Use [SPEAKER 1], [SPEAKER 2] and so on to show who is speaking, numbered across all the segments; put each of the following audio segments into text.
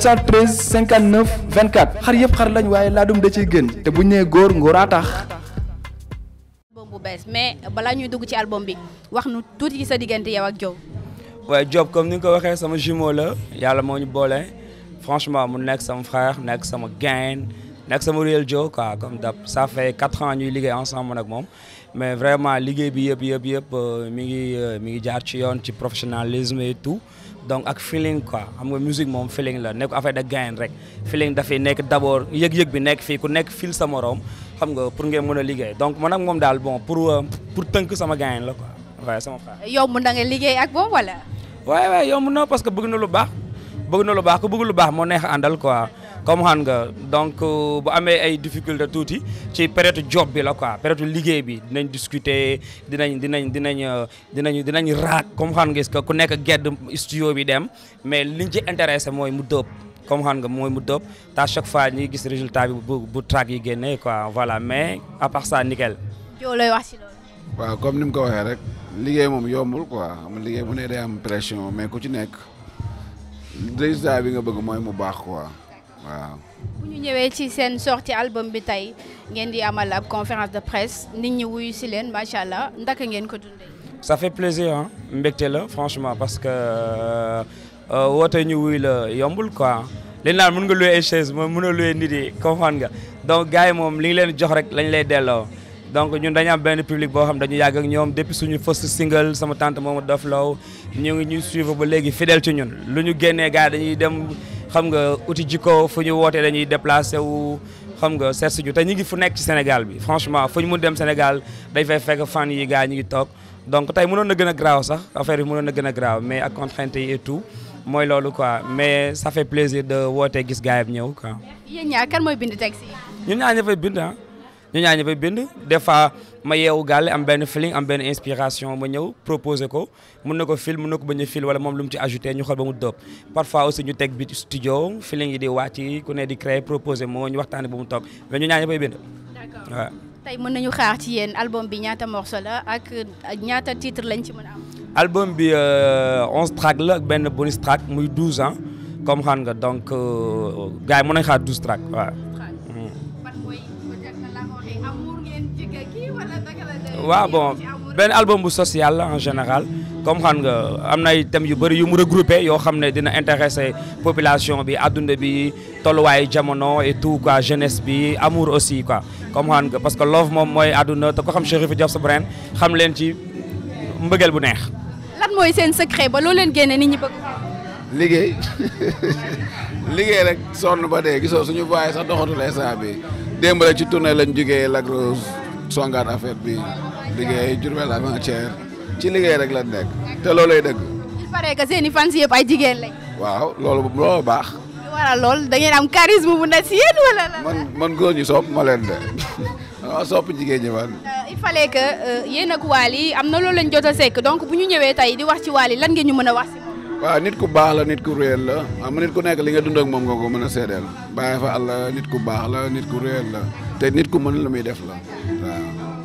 [SPEAKER 1] 713 59 24 xar yëpp xar lañ waaye laadum da ciy gën te bu ñu nee góor ngóoraa tax.
[SPEAKER 2] album bu bees mais balaa ñuy dugg ci album bi wax nu tuuti ci sa diggante yow ak Job.
[SPEAKER 1] waaye Job comme ni nga ko waxee sama jumeau la yàlla moo ñu boolee franchement mu nekk sama frère nekk sama gain nekk sama réel Joe quoi comme dab ça fait quatre ans ñuy liggéey ensemble nag moom. mais vraiment liggéey bi yëpp yëpp yëpp euh, mi ngi euh, mi ngi jaar ci yoon ci professionnalisme et tout. donc ak feeling quoi xam nga musique moom feeling la nekk affaire de gain rek feeling dafay nekk d' abord yëg-yëg bi nekk fii ku nekk fil sa morom xam nga pour ngeen mën a liggéey donc man ak moom daal bon pour euh, pour tënk sama gain la quoi waaye sama frère.
[SPEAKER 2] yomb na nga liggéey ak moom wala.
[SPEAKER 1] waaye waaye yomb na parce que bëgg na lu baax bëgg na lu baax ku bëgg lu baax moo neex àndal quoi. comme xam nga donc euh, bu amee ay difficulté tuuti ci période job bi la quoi période liggéey bi dinañ discuter dinañ dinañ dinañ euh, dinañ dinañ raak comme xam nga ku nekk gedd studio bi dem mais liñ ci intéressé mooy mu dëpp comme xam mooy mu dëpp te chaque fois ñuy gis résultat bi bu bu track yi génnee quoi voilà mais à part ça nickel. joo wax ci loolu. waaw comme
[SPEAKER 3] ni mu ko waxee rek liggéey moom yombul quoi xam liggéey bu ne day am pression mais ku ci nekk résultat bi nga bëgg mooy mu baax quoi. waaw. bu ñu
[SPEAKER 2] ñëwee ci seen sortie album bi tey ngeen di amal ab conférence de presse nit ñi wuyu si leen macha allah ndaka ngeen ko dundee.
[SPEAKER 1] ça fait plaisir ah mbégte la franchement parce que euh, euh, woote ñu wuy la yombul quoi li naan mën nga louer ay chaise moom mën a louer nit yi comprendre nga donc gars yi moom li ngi leen jox rek lañ lay delloo donc ñun dañu am benn public boo xam dañu yàgg ak ñoom depuis suñu first single sama tante moomu Dof Low ñu ngi ñuy ba léegi fidèle ci lu ñu génnee gars xam nga uti jikko fu ñu wootee dañuy déplacé wu xam nga seet suñu te ñu ngi fu nekk ci Sénégal bi franchement fu ñu mun dem Sénégal dañ fay fekk fan yi gars ñu ngi toog donc tey mënoon na gën a graaw sax affaire bi mënoon na gën a graaw mais ak contrainte yi et tout mooy loolu quoi mais ça fait plaisir de woote gis gars yi ñëw quoi.
[SPEAKER 2] yéen ñaar kan mooy bind texte yi.
[SPEAKER 1] ñun ñaa bind ah ñun ñaa ñëpp bind des ma yeewu gaal am benn feeling am benn inspiration ma ñëw proposé ko mun na ko fil mun na ko ba ñu fil wala moom lu mu ci ajouté ñu xool ba mu dóob parfois aussi ñu teg bi studio feeling yi di wàcc ku ne di créer proposé moo ñu waxtaanee ba mu toog mais ñu ñaañu bay bind. d'accord waaw.
[SPEAKER 2] tey mën nañu xaar ci yéen album bi ñaata morceau la ak ñaata titre lañ ci mën a
[SPEAKER 1] album bi euh, onze track la ak benn bonus muy douze ans comme xam nga donc euh, gars mun mën nañu xaar douze waaw bon benn album bu social la en général comme xam am na ay thèmes yu bëri yu mu regroupé yoo xam ne dina intéressé population bi adduna bi tolluwaayu jamono et tout quoi jeunesse bi amur aussi quoi comme xam nga parce que love moom mooy adduna te ko xam Cherifou Job sa brain xam leen
[SPEAKER 3] ci mbëggeel bu neex.
[SPEAKER 2] lan mooy seen secret ba loo leen génne ni ñi bëgg.
[SPEAKER 3] liggéey liggéey rek sonn ba dee gisoo suñu baay sax doxatul instant bi démb rek ci tournée lañ jugee Lac Rose songaat affaire bi liggéey Diourbel avant-hier ci liggéey rek la nekk te loolay dëgg.
[SPEAKER 2] il paraît que seen i yëpp ay jigéen lañ.
[SPEAKER 3] waaw loolu loolu baax.
[SPEAKER 2] waral lool da ngeen am charisme bu nekk si yéen wala la. man
[SPEAKER 3] man góor ñi sopp de waaw jigéen ñi man. Euh,
[SPEAKER 2] il fallait que euh, yéen ak am na loolu lañ jot a sekk donc bu ñu ñëwee tey di wax ci Wally lan ngeen ñu mën a wax si
[SPEAKER 3] moom. waaw nit ku baax la nit ku réel la am nit ku nekk li nga dund ak moom nga ko mën a seedeel bàyyi fa àll nit ku baax la nit ku réel la te nit ku mën lu muy def la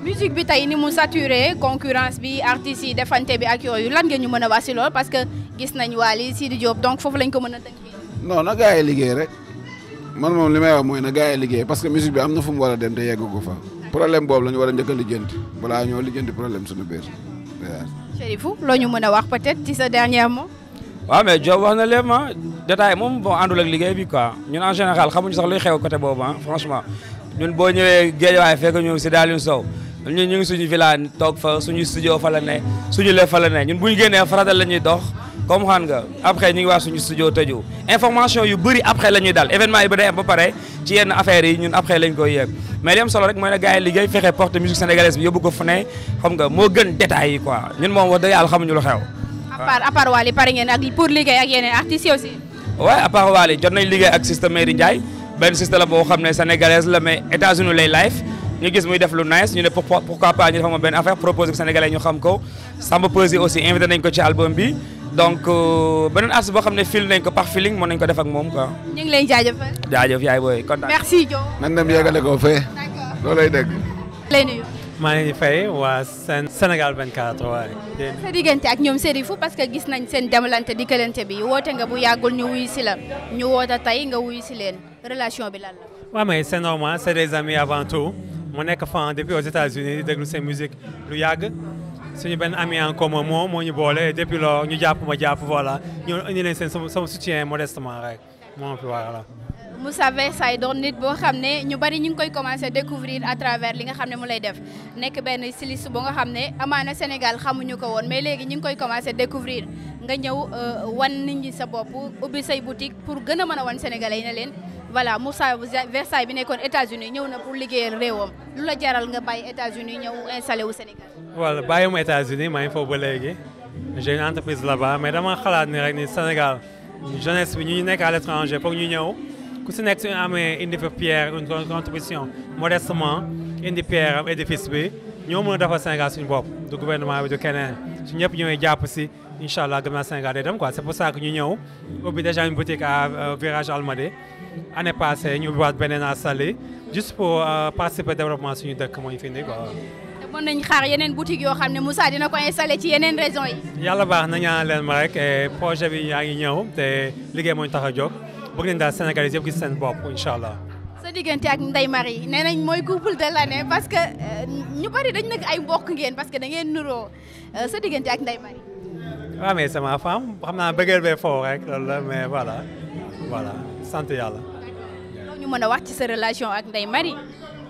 [SPEAKER 2] musique bi tey ni mu saturé concurrence bi artistes yi defante bi ak yooyu lan nga ñu mën a wax parce que gis nañ Wally Sidi Diop donc foofu lañ ko mën a tënkee.
[SPEAKER 3] non na gars rek man moom li may wax mooy na gars liggéey parce que musique bi am na fu a dem te yeggu ko fa problème boobu a njëkk a lijjanti balaa ñoo lijjanti problème suñu
[SPEAKER 2] ñu mën a wax peut-être ci sa dernier mot.
[SPEAKER 3] waaw mais Diop wax
[SPEAKER 1] na lépp ah détail moom bon àndul ak liggéey bi quoi ñun en général xamuñu sax luy xew côté boobu ah franchement ñun boo ñëwee géej waaye fekk ñu si Daliou Sow ñun ñu ngi suñu village toog fa suñu studio fa la ne suñu le fa la ne ñun bu ñu génnee farata la ñuy dox comme xam nga après ñu ngi waa suñu studio tëju information yu bëri après la ñuy dal événement yi ba day am ba pare ci yenn affaires yi ñun après lañ koy yëg mais li am solo rek mooy ne gars yi liggéey fexe porte musique sénégalaise bi yóbbu ko fu ne xam nga moo gën détails yi quoi ñun moom wax dëgg yàlla xamuñu lu xew.
[SPEAKER 2] à part à part Wally pare ngeen ak pour liggéey ak yeneen artistes yi aussi.
[SPEAKER 1] waaw à la boo xam ne sénégalaise la mais États-Unis lay live ñu gis muy def lu nice ñu ne pourquoi pourquoi pas ñu defal ma benn affaire proposé ko Sénégalais ñu xam ko Samba Peuzzi aussi invité nañ ko ci album bi donc euh, beneen artiste boo xam ne fil nañ ko par feeling mën nañ ko def ak moom quoi.
[SPEAKER 2] ñu ngi lay jaajëfal.
[SPEAKER 1] jaajëf yaay booy yegale ko fee. d'accord loolay dégg. lay nuyu. maa ngi fay waa seen Sénégal
[SPEAKER 4] 24 waaye.
[SPEAKER 2] sa diggante ak ñoom Serifou parce que gis nañ seen demalante dikkalante bi woote nga bu yàggul ñu wuyu si la ñu woote tey nga wuyu si leen relation bi lan la.
[SPEAKER 4] waaw mais c'est mu nekk fan depuis aux États-Unis di déglu seen musique lu yàgg suñu benn ami en commun moo ñu boolee depuis lors ñu jàpp ma jàpp voilà ñu indi leen seen sama soutien modestement rek moo fi voilà.
[SPEAKER 2] Moussa Versay doon nit boo xam ne ñu bari ñu ngi koy commencé découvrir à travers li nga xam ne mu lay def nekk benn styliste boo nga xam ne amaana Sénégal xamuñu ko woon mais léegi ñu ngi koy commencé découvrir nga ñëw euh, wan nit ñi sa bopp ubbi say boutique pour gën mën a wan sénégalais leen. voilà Moussa Versailles bi nekkoon États-Unis ñëw na pour liggéeyal réewam lu la jaral nga bàyyi États-Unis ñëw installé wu Sénégal.
[SPEAKER 4] voilà ma états ba léegi j'ai une entreprise mais dama xalaat ni rek ni Sénégal jeunesse bi ñu nekk à l'étranger foog ñu ñëw ku si nekk su amee indi fa pierre une modestement indi pierre am édifice bi ñoo mën a defar Sénégal suñu bopp du gouvernement bi du keneen su ñëpp ñëwee jàpp si incha allah gëm naa Sénégal day dem quoi c'est pour ça que ñu ñëw ubbi déjà une boutique euh, année passée ñu ubbiwaat beneen à Saly juste pour euh, participer développement suñu dëkk mooy fi nii quoi.
[SPEAKER 2] te mën nañu xaar yeneen boutique yoo xam ne Moussa dina ko installé ci yeneen régions yi.
[SPEAKER 4] yàlla baax nañ a leen ma rek projet bi yaa ngi ñëw te liggéey moo ñu tax a jóg bëgg nañ daal Sénégalais yëpp gis seen bopp incha allah.
[SPEAKER 2] sa diggante ak Ndeye Marie nee mooy couple de l'année parce que euh, ñu bari parce que da ngeen nuroo euh, sa diggante ak Ndeye Marie.
[SPEAKER 4] waaw ah, mais sama femme xam naa bëggeel bee foofu rek loolu la mais sant yàlla.
[SPEAKER 2] mën a wax ci sa relation ak Ndeye Marie.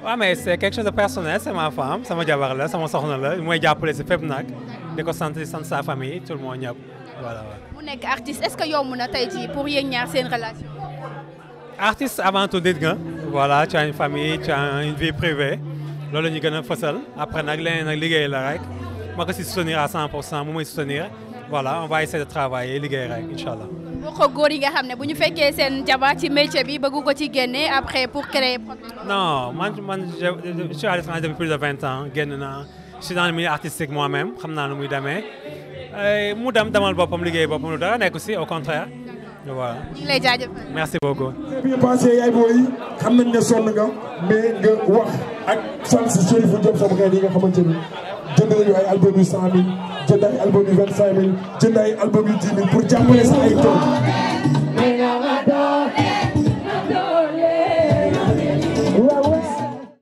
[SPEAKER 4] waaw mais c' quelque chose de personnel c' est ma femme sama jabar la sama soxna la mooy jàppale si fépp nag di ko sant di sa famille tout le monde ñëpp voilà.
[SPEAKER 2] mu nekk artiste est ce que yomb na tey jii pour yéen ñaar seen
[SPEAKER 4] artiste avant tout nit nga. voilà tu as une une vie privée loolu la ñu gën a fësal après nag leneen nag liggéey la rek ma ko si soutenir à 100 pour cent mu may soutenir voilà on va essayer de travailler liggéey rek incha allah.
[SPEAKER 2] mu góor yi nga xam ne bu ñu fekkee seen jabar ci métier bi bëgg ko ci génne après pour créer.
[SPEAKER 4] non man man je suis de vingt ans génn naa je suis dans le milieu artistique xam naa nu muy demee mu dem demal boppam liggéey boppam lu dara ne
[SPEAKER 3] sonn nga mais nga wax ak sant Chérifou Diop sama kay yi nga xamante ni jënd nañu ay album yu 100000. jënd ay album yu vingt cinq mille jënd ay album yu dix mille pour jàppale sa ay tool